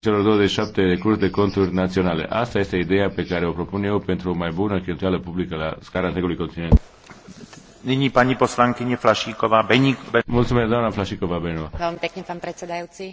celor 27 de curs de conturi naționale. Asta este ideea pe care o propun eu pentru o mai bună cheltuială publică la scara întregului continent. Nyní pani poslankyně Flašíková Beník. Mulțumesc, doamna Flašíková Beník. Velmi pekne, pan predsedajúci.